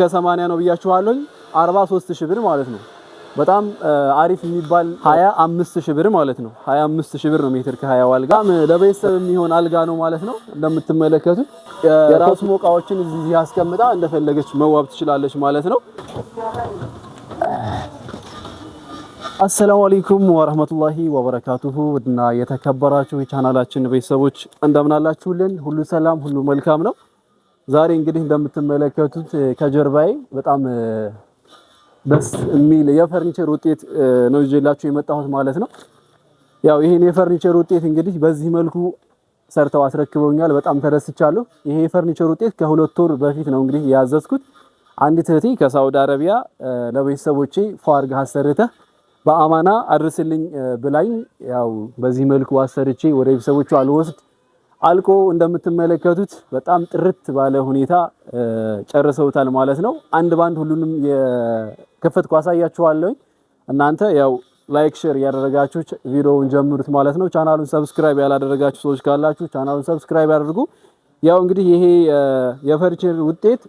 ከሰማንያ ነው ብያችኋለሁኝ። 43 ሺህ ብር ማለት ነው። በጣም አሪፍ የሚባል 25 ሺህ ብር ማለት ነው። 25 ሺህ ብር ነው ሜትር ከ20 አልጋ ለቤተሰብ የሚሆን አልጋ ነው ማለት ነው። እንደምትመለከቱት የራሱ ሞቃዎችን እዚህ ያስቀምጣ እንደፈለገች መዋብ ትችላለች ማለት ነው። አሰላሙ አለይኩም ወረህመቱላሂ ወበረካቱሁ እና የተከበራችሁ የቻናላችን ቤተሰቦች እንደምናላችሁልን፣ ሁሉ ሰላም፣ ሁሉ መልካም ነው። ዛሬ እንግዲህ እንደምትመለከቱት ከጀርባዬ በጣም ደስ የሚል የፈርኒቸር ውጤት ነው ይዤላችሁ የመጣሁት ማለት ነው። ያው ይሄን የፈርኒቸር ውጤት እንግዲህ በዚህ መልኩ ሰርተው አስረክበውኛል። በጣም ተደስቻለሁ። ይሄ የፈርኒቸር ውጤት ከሁለት ወር በፊት ነው እንግዲህ ያዘዝኩት። አንዲት እህቴ ከሳውዲ አረቢያ ለቤተሰቦቼ ፏርግ አሰርተህ በአማና አድርስልኝ ብላኝ ያው በዚህ መልኩ አሰርቼ ወደ ቤተሰቦቿ አልወስድ አልቆ እንደምትመለከቱት በጣም ጥርት ባለ ሁኔታ ጨርሰውታል ማለት ነው። አንድ ባንድ ሁሉንም የከፈትኩ አሳያችኋለሁ። እናንተ ያው ላይክ ሼር ያደረጋችሁ ቪዲዮውን ጀምሩት ማለት ነው። ቻናሉን ሰብስክራይብ ያላደረጋችሁ ሰዎች ካላችሁ ቻናሉን ሰብስክራይብ ያድርጉ። ያው እንግዲህ ይሄ የፈርኒቸር ውጤት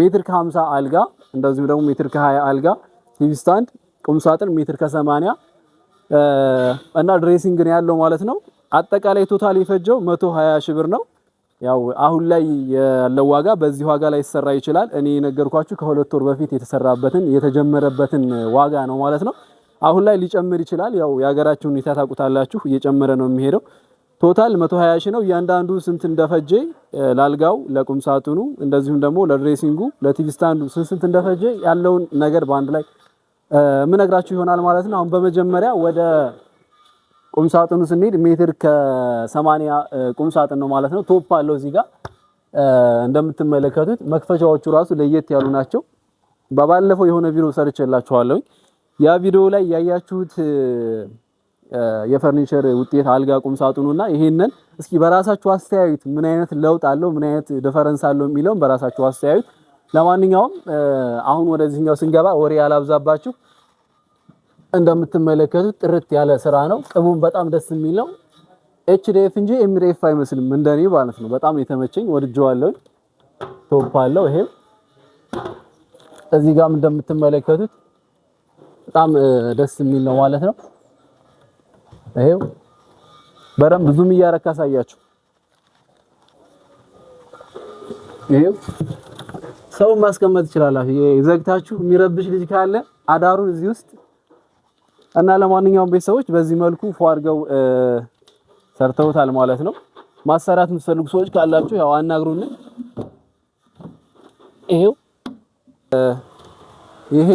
ሜትር ከ50 አልጋ እንደዚሁም ደግሞ ሜትር ከ20 አልጋ ቲቪ ስታንድ፣ ቁም ሳጥን ሜትር ከ80 እና ድሬሲንግ ነው ያለው ማለት ነው። አጠቃላይ ቶታል የፈጀው 120 ሺህ ብር ነው። ያው አሁን ላይ ያለው ዋጋ በዚህ ዋጋ ላይ ይሰራ ይችላል። እኔ የነገርኳችሁ ከሁለት ወር በፊት የተሰራበትን የተጀመረበትን ዋጋ ነው ማለት ነው። አሁን ላይ ሊጨምር ይችላል። ያው የሀገራችሁን ሁኔታ ታውቁታላችሁ፣ እየጨመረ ነው የሚሄደው። ቶታል 120 ሺህ ነው። እያንዳንዱ ስንት እንደፈጀ ላልጋው፣ ለቁም ሳጥኑ፣ እንደዚሁም ደግሞ ለድሬሲንጉ፣ ለቲቪ ስታንዱ ስንት እንደፈጀ ያለውን ነገር በአንድ ላይ ምነግራችሁ ይሆናል ማለት ነው። አሁን በመጀመሪያ ወደ ቁም ሳጥኑ ስንሄድ ሜትር ከሰማንያ ቁም ሳጥን ነው ማለት ነው። ቶፕ አለው እዚህ ጋር እንደምትመለከቱት መክፈቻዎቹ ራሱ ለየት ያሉ ናቸው። በባለፈው የሆነ ቪዲዮ ሰርቼላችኋለሁኝ። ያ ቪዲዮ ላይ ያያችሁት የፈርኒቸር ውጤት አልጋ፣ ቁም ሳጥኑና ይሄንን እስኪ በራሳችሁ አስተያዩት። ምን አይነት ለውጥ አለው፣ ምን አይነት ዲፈረንስ አለው የሚለውን በራሳችሁ አስተያዩት። ለማንኛውም አሁን ወደዚህኛው ስንገባ ወሬ ያላብዛባችሁ እንደምትመለከቱት ጥርት ያለ ስራ ነው። ቅቡም በጣም ደስ የሚል ነው። ኤችዲኤፍ እንጂ ኤምዲኤፍ አይመስልም እንደኔ ማለት ነው። በጣም የተመቸኝ ወድጀዋለሁ። ቶፕ አለው። ይሄም እዚህ ጋም እንደምትመለከቱት በጣም ደስ የሚል ነው ማለት ነው። ይሄው በደንብ ብዙም እያረካ ሳያችሁ ይሄው ሰው ማስቀመጥ ይችላል። ዘግታችሁ የሚረብሽ ልጅ ካለ አዳሩን እዚህ ውስጥ እና ለማንኛውም ቤተሰቦች በዚህ መልኩ ፎ አድርገው ሰርተውታል ማለት ነው። ማሰራት የምትፈልጉ ሰዎች ካላችሁ ያው አናግሩን። ይሄው ይሄ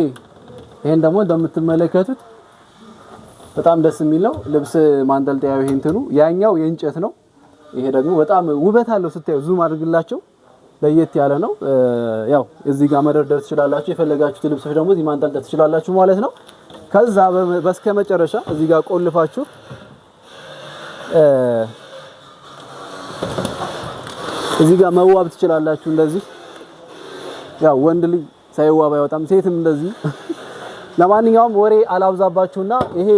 ይሄን ደግሞ እንደምትመለከቱት በጣም ደስ የሚል ነው። ልብስ ማንጠልጠያው ይሄ እንትኑ ያኛው የእንጨት ነው። ይሄ ደግሞ በጣም ውበት አለው ስታዩ፣ ዙም አድርግላቸው ለየት ያለ ነው። ያው እዚህ ጋር መደርደር ትችላላችሁ። የፈለጋችሁት ልብሶች ደግሞ እዚህ ማንጠልጠል ትችላላችሁ ማለት ነው። ከዛ በስከ መጨረሻ እዚህ ጋር ቆልፋችሁ እዚህ ጋር መዋብ ትችላላችሁ። እንደዚህ ያው ወንድ ልጅ ሳይዋብ አይወጣም፣ ሴትም እንደዚህ። ለማንኛውም ወሬ አላብዛባችሁና ይሄ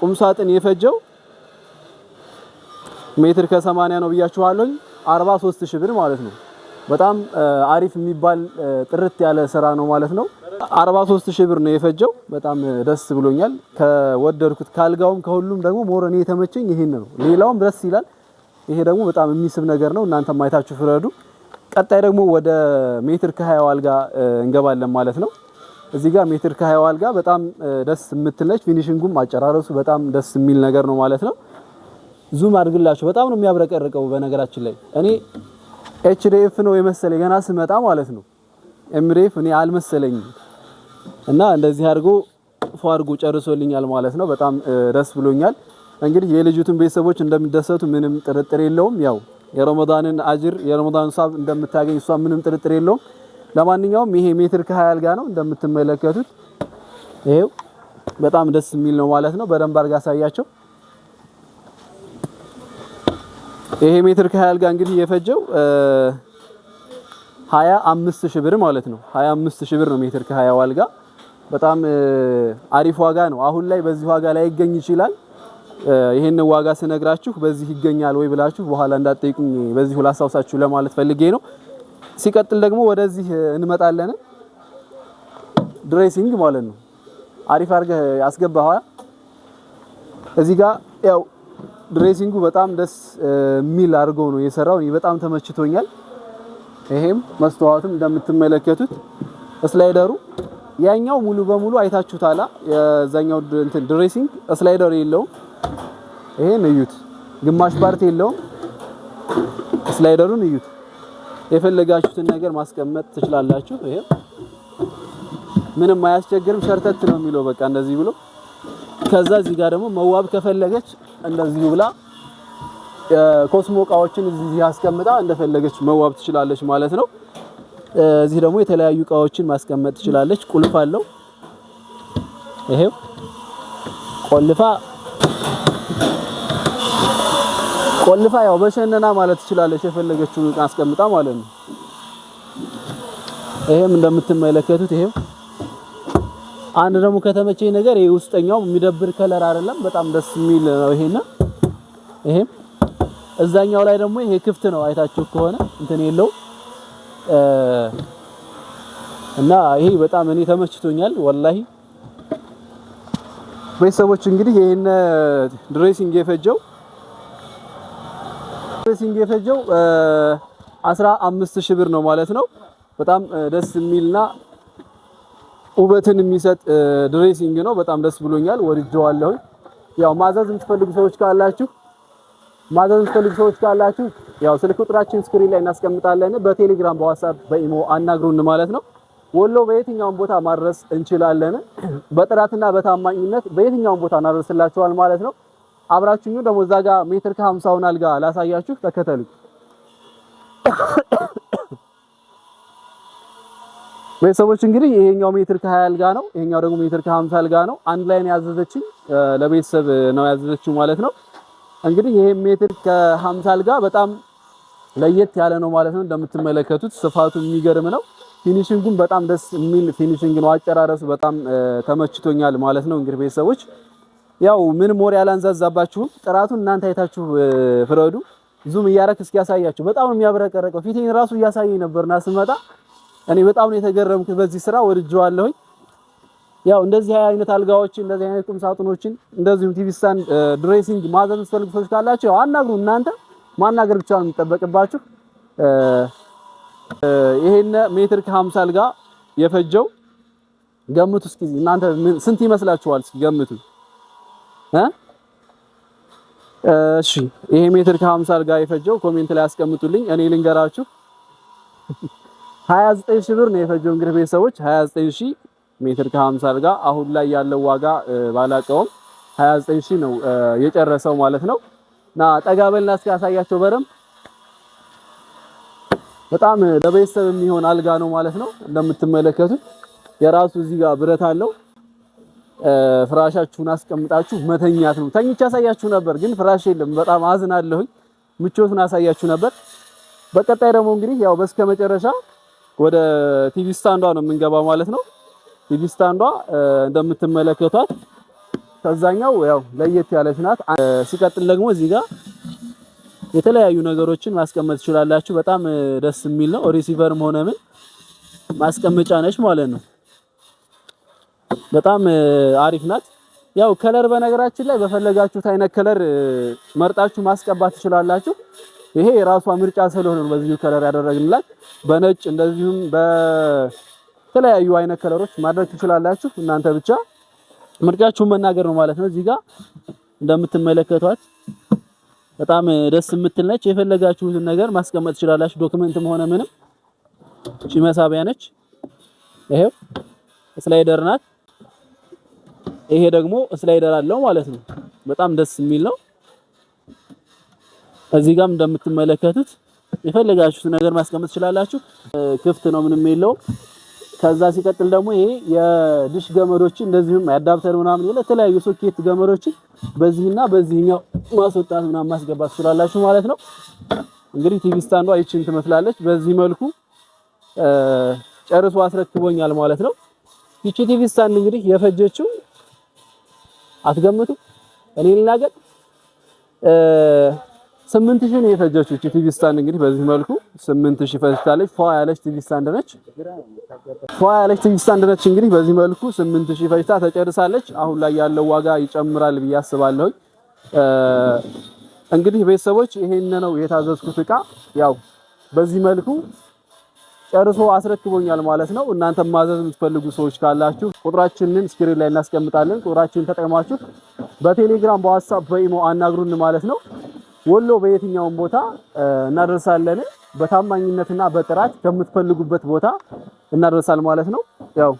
ቁምሳጥን የፈጀው ሜትር ከሰማንያ ነው 43 43000 ብር ማለት ነው። በጣም አሪፍ የሚባል ጥርት ያለ ስራ ነው ማለት ነው። 43 ሺህ ብር ነው የፈጀው። በጣም ደስ ብሎኛል። ከወደድኩት ካልጋውም ከሁሉም ደግሞ ሞር እኔ የተመቸኝ ይሄን ነው። ሌላውም ደስ ይላል። ይሄ ደግሞ በጣም የሚስብ ነገር ነው። እናንተም አይታችሁ ፍረዱ። ቀጣይ ደግሞ ወደ ሜትር ከ20 አልጋ እንገባለን ማለት ነው። እዚህ ጋር ሜትር ከ20 አልጋ በጣም ደስ የምትለች ፊኒሽንጉም አጨራረሱ በጣም ደስ የሚል ነገር ነው ማለት ነው። ዙም አድርግላችሁ በጣም ነው የሚያብረቀርቀው። በነገራችን ላይ እኔ ኤችዲኤፍ ነው የመሰለ ገና ስመጣ ማለት ነው ኤምሬፍ እኔ አልመሰለኝም እና እንደዚህ አድርጎ ፎ አድርጎ ጨርሶልኛል ማለት ነው። በጣም ደስ ብሎኛል። እንግዲህ የልጅቱን ቤተሰቦች እንደሚደሰቱ ምንም ጥርጥር የለውም። ያው የረመዳንን አጅር የረመዳን ሳብ እንደምታገኝ እሷ ምንም ጥርጥር የለውም። ለማንኛውም ይሄ ሜትር ከሀያ አልጋ ነው እንደምትመለከቱት። ይሄው በጣም ደስ የሚል ነው ማለት ነው። በደንብ አድርጋ አሳያቸው። ይሄ ሜትር ከሀያ አልጋ እንግዲህ የፈጀው 25000 አምስት ብር ማለት ነው። 25000 ብር ነው ሜትር ከ20 ዋልጋ በጣም አሪፍ ዋጋ ነው። አሁን ላይ በዚህ ዋጋ ላይ ይገኝ ይችላል። ይሄን ዋጋ ስነግራችሁ በዚህ ይገኛል ወይ ብላችሁ በኋላ እንዳትጠይቁኝ በዚሁ አሳውሳችሁ ለማለት ፈልጌ ነው። ሲቀጥል ደግሞ ወደዚህ እንመጣለን። ድሬሲንግ ማለት ነው። አሪፍ አድርገህ አስገባህ። እዚህ ጋር ያው ድሬሲንጉ በጣም ደስ የሚል አድርገው ነው የሰራው። በጣም ተመችቶኛል። ይሄም መስተዋቱም እንደምትመለከቱት ስላይደሩ ያኛው ሙሉ በሙሉ አይታችሁታላ። የዛኛው እንትን ድሬሲንግ ስላይደር የለውም። ይሄን እዩት፣ ግማሽ ፓርት የለውም። ስላይደሩን እዩት። የፈለጋችሁትን ነገር ማስቀመጥ ትችላላችሁ። ይሄ ምንም አያስቸግርም። ሸርተት ነው የሚለው በቃ እንደዚህ ብሎ ከዛ እዚህ ጋር ደግሞ መዋብ ከፈለገች እንደዚሁ ብላ የኮስሞ እቃዎችን እዚህ አስቀምጣ እንደፈለገች መዋብ ትችላለች ማለት ነው። እዚህ ደግሞ የተለያዩ እቃዎችን ማስቀመጥ ትችላለች። ቁልፍ አለው። ይሄው ቆልፋ ቆልፋ ያው በሸነና ማለት ትችላለች የፈለገችውን እቃ አስቀምጣ ማለት ነው። ይሄም እንደምትመለከቱት ይሄው አንድ ደግሞ ከተመቸኝ ነገር ይሄ ውስጠኛው የሚደብር ከለር አይደለም፣ በጣም ደስ የሚል ነው። ይሄና ይሄም እዛኛው ላይ ደግሞ ይሄ ክፍት ነው። አይታችሁ ከሆነ እንትን የለው እና ይሄ በጣም እኔ ተመችቶኛል ወላሂ። ቤተሰቦች እንግዲህ ይሄን ድሬሲንግ የፈጀው ድሬሲንግ የፈጀው 15000 ብር ነው ማለት ነው። በጣም ደስ የሚልና ውበትን የሚሰጥ ድሬሲንግ ነው። በጣም ደስ ብሎኛል፣ ወድጀዋለሁ። ያው ማዘዝ የምትፈልጉ ሰዎች ካላችሁ ማዘዝ ስትፈልጉ ሰዎች ካላችሁ ያው ስልክ ቁጥራችን ስክሪን ላይ እናስቀምጣለን። በቴሌግራም በዋትስአፕ በኢሞ አናግሩን ማለት ነው። ወሎ በየትኛውም ቦታ ማድረስ እንችላለን። በጥራትና በታማኝነት በየትኛውም ቦታ እናደርስላችኋል ማለት ነው። አብራችሁኝ ደግሞ እዛ ጋ ሜትር ከ50 አልጋ ላሳያችሁ፣ ተከተሉ። ቤተሰቦች እንግዲህ ይሄኛው ሜትር ከ20 አልጋ ነው። ይሄኛው ደግሞ ሜትር ከ50 አልጋ ነው። አንድ ላይ ነው ያዘዘችኝ፣ ለቤተሰብ ነው ያዘዘችው ማለት ነው። እንግዲህ ይሄ ሜትር ከሃምሳል ጋ በጣም ለየት ያለ ነው ማለት ነው። እንደምትመለከቱት ስፋቱ የሚገርም ነው። ፊኒሽንጉን በጣም ደስ የሚል ፊኒሽንግ ነው። አጨራረሱ በጣም ተመችቶኛል ማለት ነው። እንግዲህ ቤተሰቦች ያው ምን ሞር ያላንዛዛባችሁም ጥራቱን እናንተ አይታችሁ ፍረዱ። ዙም እያረክ እስኪ ያሳያችሁ። በጣም ነው የሚያብረቀረቀው። ፊቴን ራሱ እያሳየኝ ነበርና ስመጣ እኔ በጣም ነው የተገረምኩት። በዚህ ስራ ወድጄዋለሁኝ። ያው እንደዚህ አይነት አልጋዎች፣ እንደዚህ አይነት ቁም ሳጥኖችን እንደዚሁም ቲቪ ስታንድ ድሬሲንግ ማዘዝ የምትፈልጉ ሰዎች ካላችሁ ያው አናግሩ። እናንተ ማናገር ብቻ ነው የሚጠበቅባችሁ። ይሄን ሜትር ከ50 አልጋ የፈጀው ገምቱ እስኪ እናንተ ስንት ይመስላችኋል? እስኪ ገምቱ እ እሺ ይሄ ሜትር ከ50 አልጋ የፈጀው ኮሜንት ላይ አስቀምጡልኝ። እኔ ልንገራችሁ 29000 ብር ነው የፈጀው። እንግዲህ ቤተሰቦች 29000 ሜትር ከ50 አድርጋ አሁን ላይ ያለው ዋጋ ባላቀውም 29 ሺህ ነው የጨረሰው ማለት ነው። እና ጠጋ በልና እስኪ ያሳያቸው በረም በጣም ለቤተሰብ የሚሆን አልጋ ነው ማለት ነው። እንደምትመለከቱት የራሱ እዚህ ጋር ብረት አለው። ፍራሻችሁን አስቀምጣችሁ መተኛት ነው። ተኝቼ አሳያችሁ ነበር ግን ፍራሽ የለም። በጣም አዝናለሁኝ። ምቾቱን አሳያችሁ ነበር። በቀጣይ ደግሞ እንግዲህ ያው በስከ መጨረሻ ወደ ቲቪ ስታንዷ ነው የምንገባ ማለት ነው። ዲግስታንዷ እንደምትመለከቷት ከዛኛው ያው ለየት ያለች ናት። ሲቀጥል ደግሞ እዚህ ጋር የተለያዩ ነገሮችን ማስቀመጥ ትችላላችሁ። በጣም ደስ የሚል ነው። ሪሲቨርም ሆነ ምን ማስቀመጫ ነች ማለት ነው። በጣም አሪፍ ናት። ያው ከለር በነገራችን ላይ በፈለጋችሁት አይነት ከለር መርጣችሁ ማስቀባት ትችላላችሁ። ይሄ የራሷ ምርጫ ስለሆነ ነው በዚሁ ከለር ያደረግንላት በነጭ እንደዚሁም በ የተለያዩ አይነት ከለሮች ማድረግ ትችላላችሁ። እናንተ ብቻ ምርጫችሁን መናገር ነው ማለት ነው። እዚህ ጋር እንደምትመለከቷት በጣም ደስ የምትል ነች። የፈለጋችሁትን ነገር ማስቀመጥ ትችላላችሁ። ዶክመንትም ሆነ ምንም እቺ መሳቢያ ነች። ይሄው ስላይደር ናት። ይሄ ደግሞ ስላይደር አለው ማለት ነው። በጣም ደስ የሚል ነው። እዚህ ጋም እንደምትመለከቱት የፈለጋችሁት ነገር ማስቀመጥ ትችላላችሁ። ክፍት ነው፣ ምንም የለውም። ከዛ ሲቀጥል ደግሞ ይሄ የድሽ ገመዶችን እንደዚሁም አዳፕተር ምናምን የተለያዩ ሶኬት ገመዶችን በዚህና በዚህኛው ማስወጣት ምናምን ማስገባት ትችላላችሁ ማለት ነው። እንግዲህ ቲቪ ስታንዷ ይችን ትመስላለች። በዚህ መልኩ ጨርሶ አስረክቦኛል ማለት ነው። ይቺ ቲቪ ስታንድ እንግዲህ የፈጀችው አትገምቱ እኔ ልናገር ስምንት ሺህ ነው የፈጀችው እቺ ቲቪ ስታንድ እንግዲህ በዚህ መልኩ ስምንት ሺህ ፈጅታለች። ፏ ያለች ቲቪ ስታንድ ነች። ፏ ያለች ቲቪ ስታንድ ነች። እንግዲህ በዚህ መልኩ ስምንት ሺህ ፈጅታ ተጨርሳለች። አሁን ላይ ያለው ዋጋ ይጨምራል ብዬ አስባለሁ። እንግዲህ ቤተሰቦች ይሄን ነው የታዘዝኩት እቃ ያው በዚህ መልኩ ጨርሶ አስረክቦኛል ማለት ነው። እናንተ ማዘዝ የምትፈልጉ ሰዎች ካላችሁ ቁጥራችንን ስክሪን ላይ እናስቀምጣለን። ቁጥራችንን ተጠቅማችሁ በቴሌግራም በዋትሳፕ በኢሞ አናግሩን ማለት ነው። ወሎ በየትኛውም ቦታ እናደርሳለን። በታማኝነትና በጥራት ከምትፈልጉበት ቦታ እናደርሳል ማለት ነው። ያው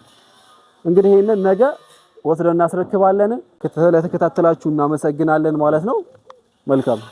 እንግዲህ ይሄንን ነገ ወስደን እናስረክባለን። ለተከታተላችሁ እናመሰግናለን ማለት ነው። መልካም